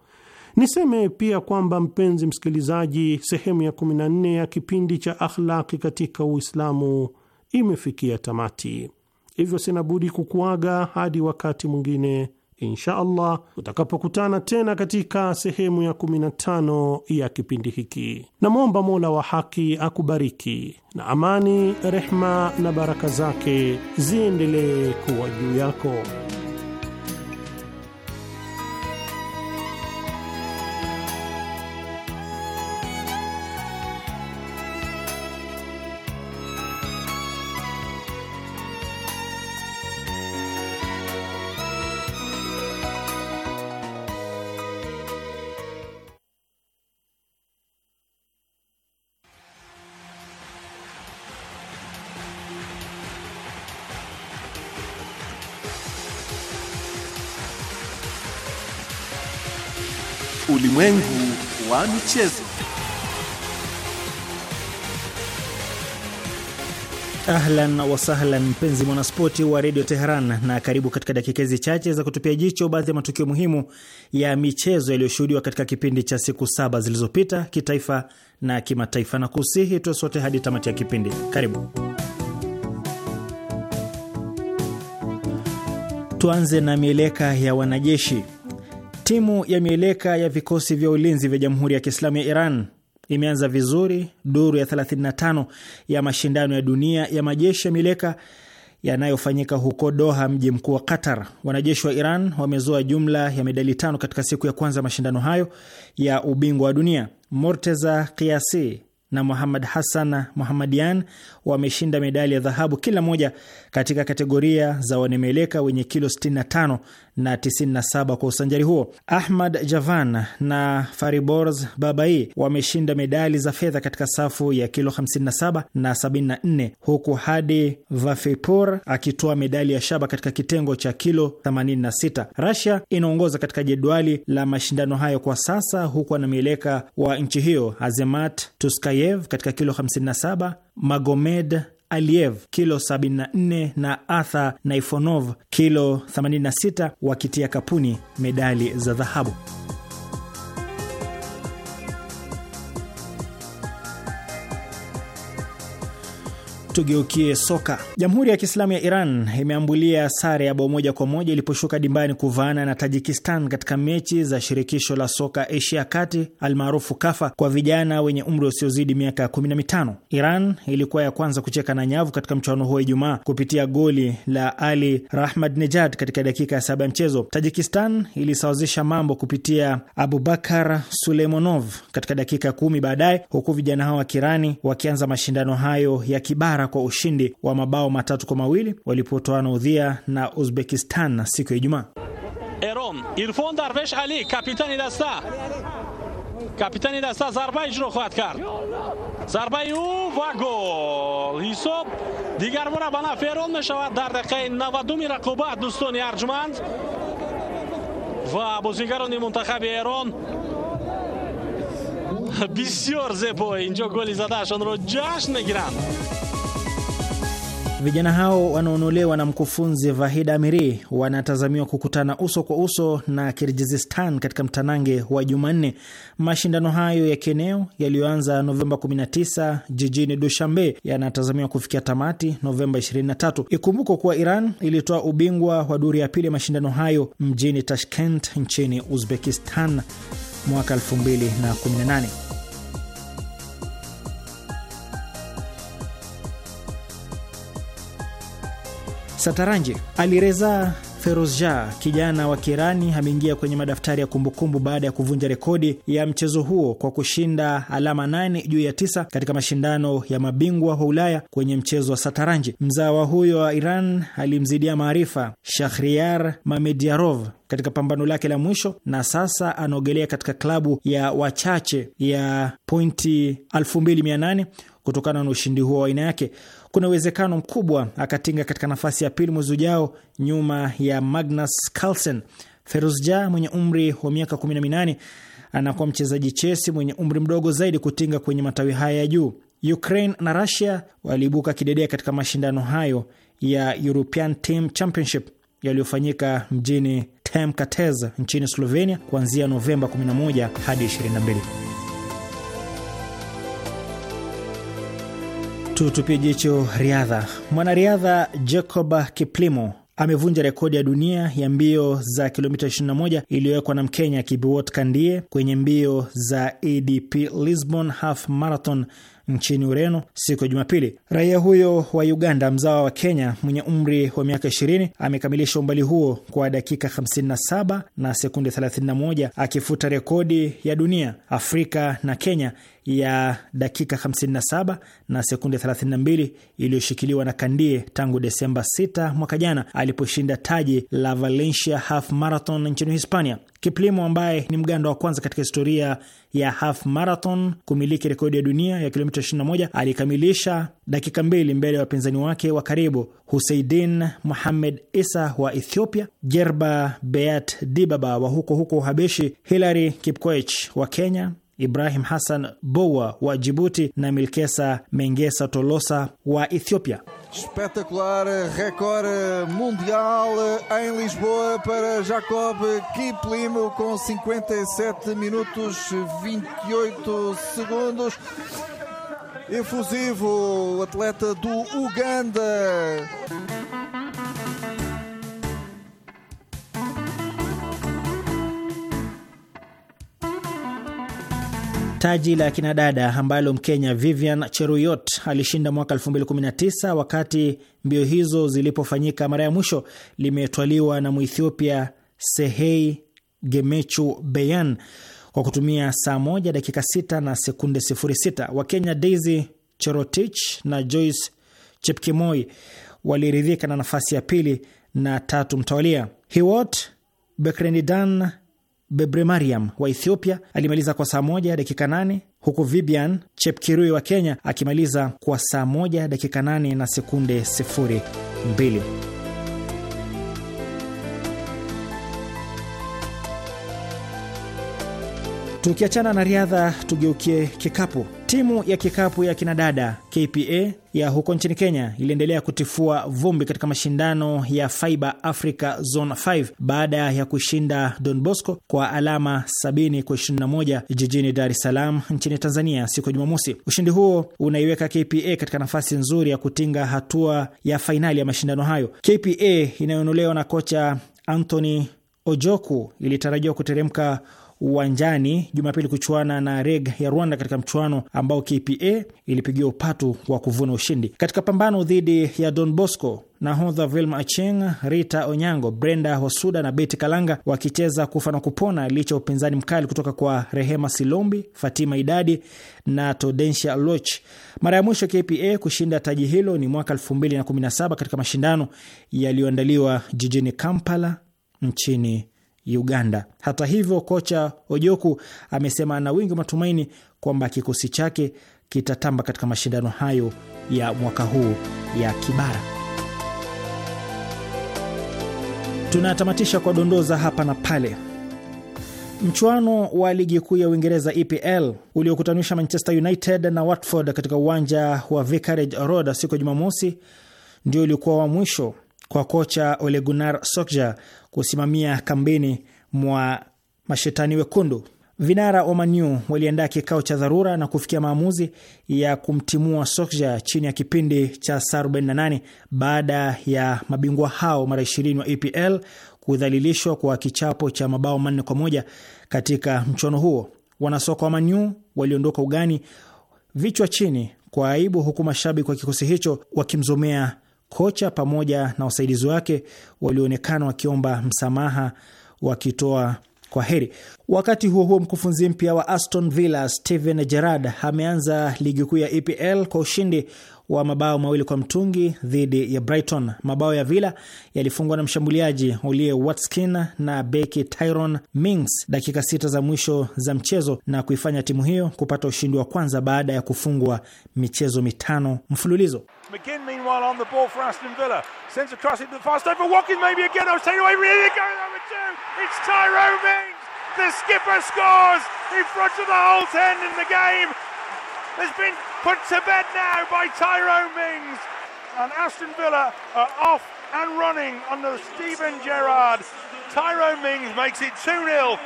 Niseme pia kwamba mpenzi msikilizaji, sehemu ya 14 ya kipindi cha Akhlaki katika Uislamu imefikia tamati, hivyo sina budi kukuaga hadi wakati mwingine insha Allah utakapokutana tena katika sehemu ya 15 ya kipindi hiki. Namwomba Mola wa haki akubariki, na amani, rehma na baraka zake ziendelee kuwa juu yako. wa michezo. Ahlan wasahlan, mpenzi mwanaspoti wa redio Teheran, na karibu katika dakika hizi chache za kutupia jicho baadhi ya matukio muhimu ya michezo yaliyoshuhudiwa katika kipindi cha siku saba zilizopita kitaifa na kimataifa, na kusihi tuwe sote hadi tamati ya kipindi. Karibu. Tuanze na mieleka ya wanajeshi. Timu ya mieleka ya vikosi vya ulinzi vya Jamhuri ya Kiislamu ya Iran imeanza vizuri duru ya 35 ya mashindano ya dunia ya majeshi ya mieleka yanayofanyika huko Doha, mji mkuu wa Qatar. Wanajeshi wa Iran wamezoa jumla ya medali tano katika siku ya kwanza mashindano hayo ya ubingwa wa dunia. Morteza Kiasi na Muhammad Hassan Muhammadian wameshinda medali ya dhahabu kila moja katika kategoria za wanemeleka wenye kilo 65 na 97 kwa usanjari huo. Ahmad Javan na Faribors Babai wameshinda medali za fedha katika safu ya kilo 57 na 74, huku Hadi Vafipur akitoa medali ya shaba katika kitengo cha kilo 86. Rasia inaongoza katika jedwali la mashindano hayo kwa sasa, huku anamieleka wa nchi hiyo Azemat Tuskayev katika kilo 57, Magomed Aliev kilo 74 na Arthur Naifonov kilo 86 wakitia kapuni medali za dhahabu. Tugeukie soka. Jamhuri ya Kiislamu ya Iran imeambulia sare ya bao moja kwa moja iliposhuka dimbani kuvaana na Tajikistan katika mechi za shirikisho la soka Asia kati almaarufu KAFA kwa vijana wenye umri usiozidi miaka 15. Iran ilikuwa ya kwanza kucheka na nyavu katika mchuano huo Ijumaa kupitia goli la Ali Rahmad Nejad katika dakika ya saba ya mchezo. Tajikistan ilisawazisha mambo kupitia Abubakar Sulemonov katika dakika kumi baadaye, huku vijana hao wa Kirani wakianza mashindano hayo ya kibara Iran kwa ushindi wa mabao matatu kwa mawili walipotoana udhia na Uzbekistan na siku ya Ijumaa. Eron Irfon Darvesh Ali kapitani dasta kapitani dasta zarba ijro khohad kard зарбаи ӯ ва гол ҳисоб дигар бора ба наферон мешавад дар дақиқаи навадуми рақобат дӯстони арҷманд ва бозигарони мунтахаби эрон бисёр зебо инҷо голи задаашонро ҷашн мегиранд Vijana hao wanaonolewa na mkufunzi Vahid Amiri wanatazamiwa kukutana uso kwa uso na Kirgizistan katika mtanange wa Jumanne. Mashindano hayo ya kieneo yaliyoanza Novemba 19 jijini Dushambe yanatazamiwa kufikia tamati Novemba 23. ikumbuko kuwa Iran ilitoa ubingwa wa duru ya pili ya mashindano hayo mjini Tashkent nchini Uzbekistan mwaka 2018. Sataranje. Alireza Ferozja kijana wa Kirani ameingia kwenye madaftari ya kumbukumbu baada ya kuvunja rekodi ya mchezo huo kwa kushinda alama nane juu ya tisa katika mashindano ya mabingwa wa Ulaya kwenye mchezo wa sataranji. Mzawa huyo wa Iran alimzidia maarifa Shahriar Mamediarov katika pambano lake la mwisho na sasa anaogelea katika klabu ya wachache ya pointi 2800 kutokana na ushindi huo wa aina yake kuna uwezekano mkubwa akatinga katika nafasi ya pili mwezi ujao nyuma ya Magnus Carlsen. Ferusja mwenye umri wa miaka 18 anakuwa mchezaji chesi mwenye umri mdogo zaidi kutinga kwenye matawi haya ya juu. Ukraine na Russia waliibuka kidedea katika mashindano hayo ya European Team Championship yaliyofanyika mjini Temkateza nchini Slovenia kuanzia Novemba 11 hadi 22. Tutupie jicho riadha. Mwanariadha Jacob Kiplimo amevunja rekodi ya dunia ya mbio za kilomita 21 iliyowekwa na Mkenya Kibiwot Kandie kwenye mbio za ADP Lisbon Half Marathon nchini Ureno siku ya Jumapili. Raia huyo wa Uganda mzawa wa Kenya mwenye umri wa miaka 20 amekamilisha umbali huo kwa dakika 57 na sekunde 31 akifuta rekodi ya dunia, Afrika na Kenya ya dakika 57 na sekunde 32 iliyoshikiliwa na Kandie tangu Desemba 6 mwaka jana aliposhinda taji la Valencia Half Marathon nchini Hispania. Kiplimo ambaye ni mganda wa kwanza katika historia ya half marathon kumiliki rekodi ya dunia ya kilomita 21 alikamilisha dakika mbili mbele ya wapinzani wake wa karibu Huseidin Mohamed Isa wa Ethiopia, Jerba beat Dibaba wa huko huko Uhabeshi, Hilary Kipkoech wa Kenya, Ibrahim Hassan Boa wa Jibuti na Milkesa Mengesa Tolosa wa Ethiopia. Espetacular recorde mundial em Lisboa para Jacob Kiplimo com 57 minutos 28 segundos. Efusivo, atleta do Uganda. Taji la kinadada ambalo Mkenya Vivian Cheruyot alishinda mwaka 2019 wakati mbio hizo zilipofanyika mara ya mwisho limetwaliwa na Muethiopia Sehei Gemechu Beyan kwa kutumia saa moja dakika 6 na sekunde 06. Wakenya Daisy Cherotich na Joyce Chepkemoi waliridhika na nafasi ya pili na tatu mtawalia. Hiwot Bekrenidan Bebre Mariam wa Ethiopia alimaliza kwa saa moja dakika nane huku Vibian Chepkirui wa Kenya akimaliza kwa saa moja dakika nane na sekunde sifuri mbili. Tukiachana na riadha, tugeukie kikapu. Timu ya kikapu ya kinadada KPA ya huko nchini Kenya iliendelea kutifua vumbi katika mashindano ya FIBA Africa Zone 5 baada ya kushinda Don Bosco kwa alama 70 kwa 21 jijini Dar es Salaam nchini Tanzania siku ya Jumamosi. Ushindi huo unaiweka KPA katika nafasi nzuri ya kutinga hatua ya fainali ya mashindano hayo. KPA inayonolewa na kocha Anthony Ojoku ilitarajiwa kuteremka uwanjani Jumapili kuchuana na Reg ya Rwanda katika mchuano ambao KPA ilipigiwa upatu wa kuvuna ushindi. Katika pambano dhidi ya Don Bosco, nahodha Vilma Acheng, Rita Onyango, Brenda Wasuda na Beti Kalanga wakicheza kufa na kupona licha ya upinzani mkali kutoka kwa Rehema Silombi, Fatima Idadi na todensia Loch. Mara ya mwisho KPA kushinda taji hilo ni mwaka 2017 katika mashindano yaliyoandaliwa jijini Kampala nchini Uganda. Hata hivyo, kocha Ojoku amesema ana wingi wa matumaini kwamba kikosi chake kitatamba katika mashindano hayo ya mwaka huu ya Kibara. Tunatamatisha kwa dondoza hapa na pale. Mchuano wa ligi kuu ya Uingereza EPL uliokutanisha Manchester United na Watford katika uwanja wa Vicarage Road siku ya Jumamosi ndio ulikuwa wa mwisho kwa kocha Ole Gunnar Solskjaer kusimamia kambini mwa mashetani wekundu. Vinara wa Manyu waliandaa kikao cha dharura na kufikia maamuzi ya kumtimua Sokja chini ya kipindi cha saa 48 baada ya mabingwa hao mara 20 wa EPL kudhalilishwa kwa kichapo cha mabao manne kwa moja katika mchuano huo. Wanasoka wa Manyu waliondoka ugani vichwa chini kwa aibu, huku mashabiki wa kikosi hicho wakimzomea kocha pamoja na wasaidizi wake walionekana wakiomba msamaha wakitoa kwa heri. Wakati huo huo, mkufunzi mpya wa Aston Villa Steven Gerrard ameanza ligi kuu ya EPL kwa ushindi wa mabao mawili kwa mtungi dhidi ya Brighton. Mabao ya Villa yalifungwa na mshambuliaji Ollie Watkin na beki Tyrone Mings dakika sita za mwisho za mchezo na kuifanya timu hiyo kupata ushindi wa kwanza baada ya kufungwa michezo mitano mfululizo. McGinn, meanwhile, on the ball for Aston Villa. Sends across to the fast over Watkins, maybe again. I was taken away. Really going number two. It's Tyrone Mings. The skipper scores in front of the whole 10 in the game. Has been put to bed now by Tyrone Mings. And Aston Villa are off and running under Steven Gerrard. Tyrone Mings makes it 2 0.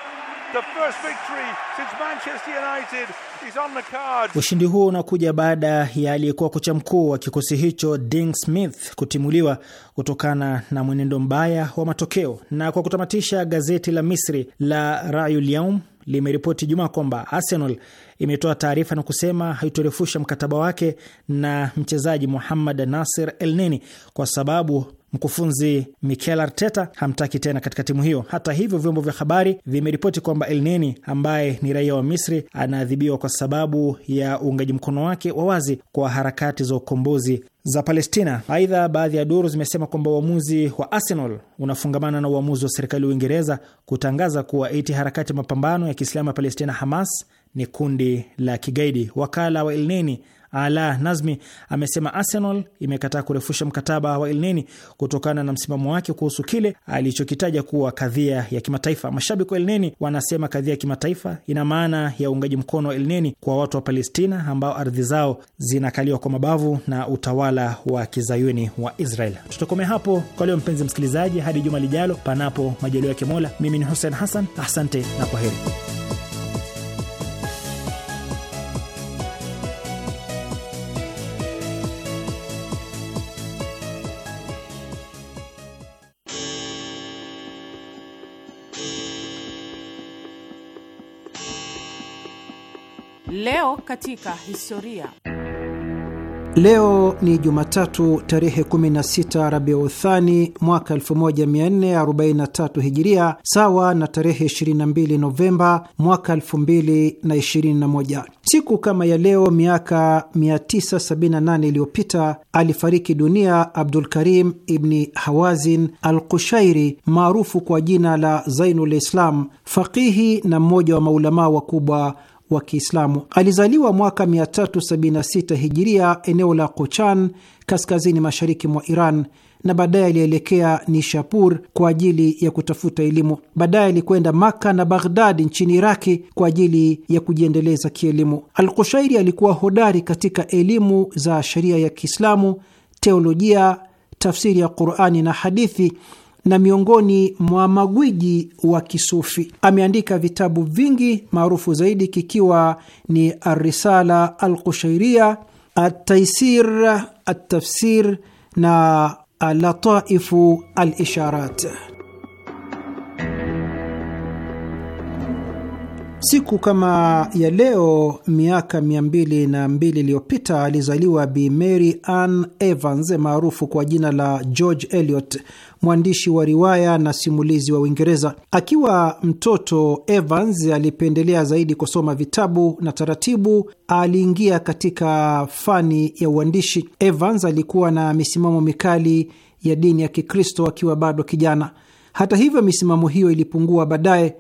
The first victory since Manchester United Ushindi huo unakuja baada ya aliyekuwa kocha mkuu wa kikosi hicho Dean Smith kutimuliwa kutokana na mwenendo mbaya wa matokeo. Na kwa kutamatisha, gazeti la Misri la Rayul Yaum limeripoti Jumaa kwamba Arsenal imetoa taarifa na kusema haitorefusha mkataba wake na mchezaji Muhammad Nasir Elneny kwa sababu mkufunzi Mikel Arteta hamtaki tena katika timu hiyo. Hata hivyo, vyombo vya habari vimeripoti kwamba elneni ambaye ni raia wa Misri anaadhibiwa kwa sababu ya uungaji mkono wake wa wazi kwa harakati za ukombozi za Palestina. Aidha, baadhi ya duru zimesema kwamba uamuzi wa Arsenal unafungamana na uamuzi wa serikali ya Uingereza kutangaza kuwa eti harakati mapambano ya Kiislamu ya Palestina Hamas ni kundi la kigaidi. Wakala wa El Ala Nazmi amesema Arsenal imekataa kurefusha mkataba wa Elneny kutokana na msimamo wake kuhusu kile alichokitaja kuwa kadhia ya kimataifa. Mashabiki wa Elneny wanasema kadhia ya kimataifa ina maana ya uungaji mkono wa Elneny kwa watu wa Palestina ambao ardhi zao zinakaliwa kwa mabavu na utawala wa kizayuni wa Israel. Tutakomea hapo kwa leo, mpenzi msikilizaji, hadi juma lijalo, panapo majaliwa yake Mola. Mimi ni Hussein Hassan, asante na kwa heri katika historia. Leo ni Jumatatu tarehe 16 Rabiuthani mwaka 1443 Hijiria, sawa na tarehe 22 Novemba mwaka 2021. Siku kama ya leo miaka 978 iliyopita alifariki dunia Abdul Karim Ibni Hawazin al Qushairi, maarufu kwa jina la Zainul Islam, faqihi na mmoja wa maulamaa wakubwa wa Kiislamu. Alizaliwa mwaka 376 hijiria eneo la Kochan kaskazini mashariki mwa Iran na baadaye alielekea Nishapur kwa ajili ya kutafuta elimu. Baadaye alikwenda Maka na Baghdad nchini Iraki kwa ajili ya kujiendeleza kielimu. Alkushairi alikuwa hodari katika elimu za sheria ya Kiislamu, teolojia, tafsiri ya Qurani na hadithi na miongoni mwa magwiji wa kisufi. Ameandika vitabu vingi, maarufu zaidi kikiwa ni Arrisala Alqushairia, Ataisir, atafsir na Lataifu Alisharat. Siku kama ya leo miaka mia mbili na mbili iliyopita alizaliwa Bi Mary Ann Evans maarufu kwa jina la George Eliot, mwandishi wa riwaya na simulizi wa Uingereza. Akiwa mtoto, Evans alipendelea zaidi kusoma vitabu na taratibu aliingia katika fani ya uandishi. Evans alikuwa na misimamo mikali ya dini ya Kikristo akiwa bado kijana. Hata hivyo, misimamo hiyo ilipungua baadaye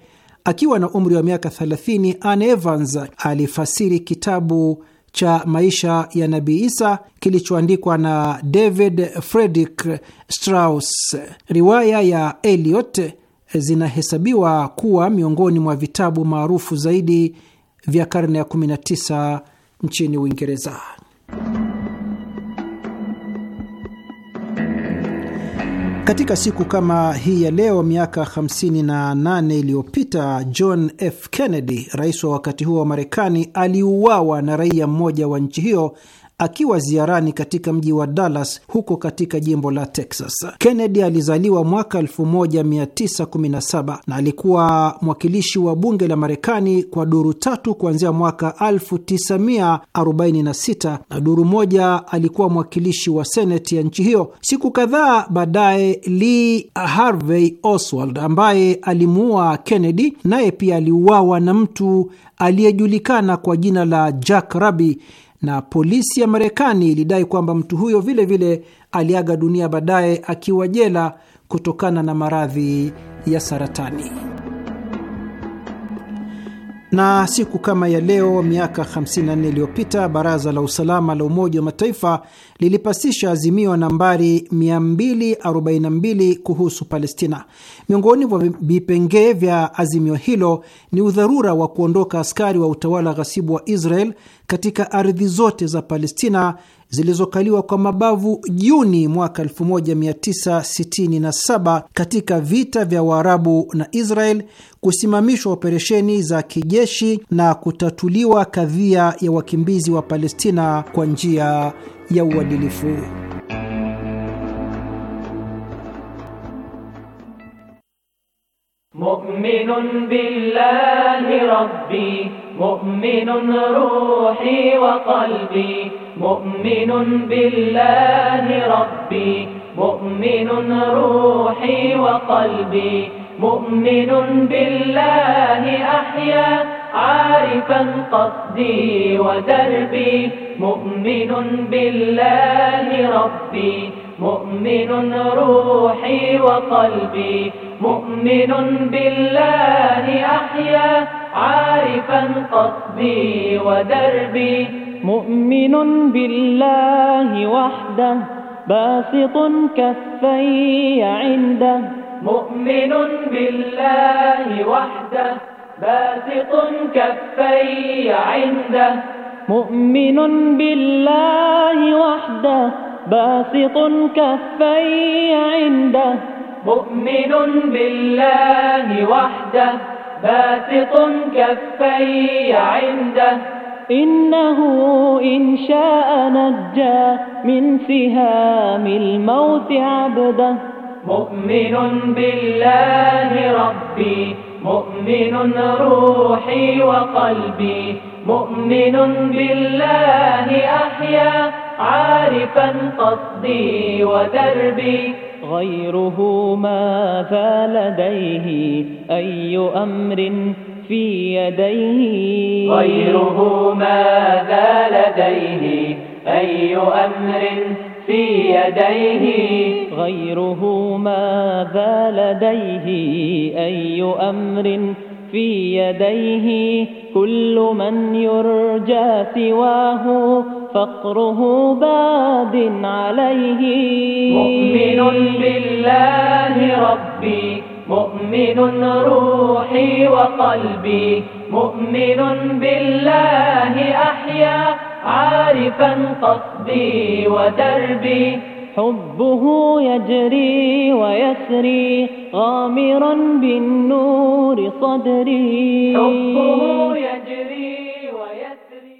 Akiwa na umri wa miaka 30, Anne Evans alifasiri kitabu cha maisha ya Nabii Isa kilichoandikwa na David Frederick Strauss. Riwaya ya Eliot zinahesabiwa kuwa miongoni mwa vitabu maarufu zaidi vya karne ya 19 nchini Uingereza. Katika siku kama hii ya leo miaka 58 iliyopita John F. Kennedy, rais wa wakati huo wa Marekani, aliuawa na raia mmoja wa nchi hiyo akiwa ziarani katika mji wa Dallas huko katika jimbo la Texas. Kennedy alizaliwa mwaka 1917 na alikuwa mwakilishi wa bunge la Marekani kwa duru tatu kuanzia mwaka 1946 na duru moja alikuwa mwakilishi wa seneti ya nchi hiyo. Siku kadhaa baadaye, Lee Harvey Oswald ambaye alimuua Kennedy naye pia aliuawa na mtu aliyejulikana kwa jina la Jack Ruby na polisi ya Marekani ilidai kwamba mtu huyo vilevile vile aliaga dunia baadaye akiwa jela kutokana na maradhi ya saratani. Na siku kama ya leo miaka 54 iliyopita baraza la usalama la Umoja wa Mataifa lilipasisha azimio nambari 242 kuhusu Palestina. Miongoni mwa vipengee vya azimio hilo ni udharura wa kuondoka askari wa utawala ghasibu wa Israel katika ardhi zote za Palestina zilizokaliwa kwa mabavu Juni mwaka 1967 katika vita vya Waarabu na Israel, kusimamishwa operesheni za kijeshi na kutatuliwa kadhia ya wakimbizi wa Palestina kwa njia ya uadilifu. Mu'minun billahi rabbi, mu'minun ruhi wa qalbi مؤمن بالله ربي مؤمن روحي وقلبي مؤمن بالله أحيا عارفا قصدي ودربي مؤمن بالله ربي مؤمن روحي وقلبي مؤمن بالله أحيا عارفا قصدي ودربي مؤمن بالله وحده باسط كفي عنده مؤمن بالله وحده باسط كفي عنده مؤمن بالله وحده باسط كفي عنده مؤمن بالله وحده باسط كفي عنده إنه إن شاء نجى من سهام الموت عبده مؤمن بالله ربي مؤمن روحي وقلبي مؤمن بالله أحيا عارفا قصدي ودربي غيره ماذا لديه أي أمر في يديه غيره ماذا لديه أي أمر في يديه غيره ماذا لديه أي أمر في يديه كل من يرجى سواه فقره باد عليه مؤمن بالله ربي مؤمن روحي وقلبي مؤمن بالله أحيا عارفا قصدي ودربي حبه يجري ويسري غامرا بالنور صدري حبه يجري ويسري.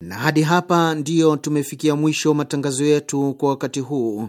Na hadi hapa ndiyo tumefikia mwisho matangazo yetu kwa wakati huu.